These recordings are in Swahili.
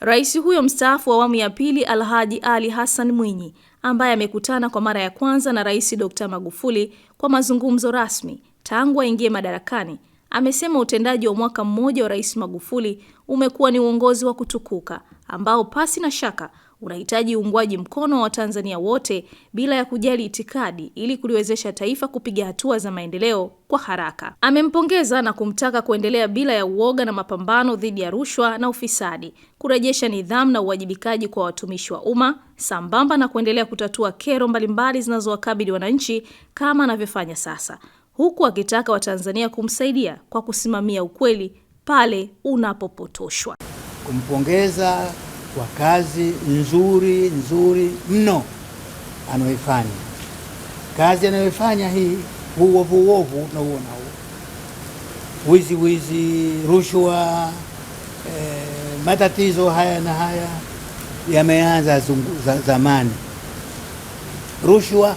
Rais huyo mstaafu wa awamu ya pili Alhaji Ali Hassan Mwinyi ambaye amekutana kwa mara ya kwanza na Rais Dr. Magufuli kwa mazungumzo rasmi tangu aingie madarakani, amesema utendaji wa mwaka mmoja wa Rais Magufuli umekuwa ni uongozi wa kutukuka ambao pasi na shaka unahitaji uungwaji mkono wa Watanzania wote bila ya kujali itikadi ili kuliwezesha taifa kupiga hatua za maendeleo kwa haraka. Amempongeza na kumtaka kuendelea bila ya uoga na mapambano dhidi ya rushwa na ufisadi, kurejesha nidhamu na uwajibikaji kwa watumishi wa umma sambamba na kuendelea kutatua kero mbalimbali zinazowakabili wananchi kama anavyofanya sasa, huku akitaka Watanzania kumsaidia kwa kusimamia ukweli pale unapopotoshwa. Kumpongeza kwa kazi nzuri nzuri mno anayoifanya, kazi anayoifanya hii, uovu uovu tunauona huo, wizi wizi, rushwa eh, matatizo haya na haya yameanza zamani. Rushwa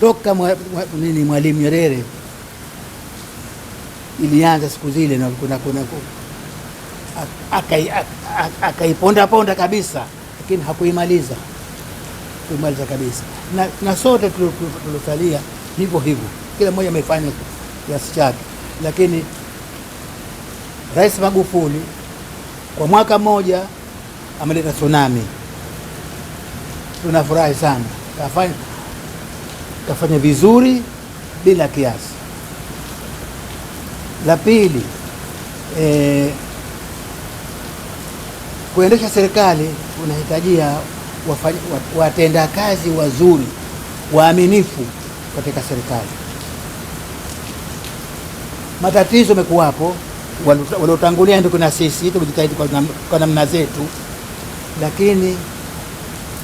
toka mwa, mwa, nini Mwalimu Nyerere ilianza siku zile na kuna, kuna, kuna akaipondaponda kabisa, lakini hakuimaliza kuimaliza kabisa. Na, na sote tuliosalia hivyo hivyo, kila mmoja amefanya kiasi chake, lakini Rais Magufuli kwa mwaka mmoja ameleta tsunami. Tunafurahi sana, kafanya kafanya vizuri bila kiasi. La pili eh, Kuendesha serikali unahitajia watendakazi wazuri waaminifu katika serikali. Matatizo yamekuwapo, waliotangulia ndio kuna sisi tumejitahidi kwa namna zetu, lakini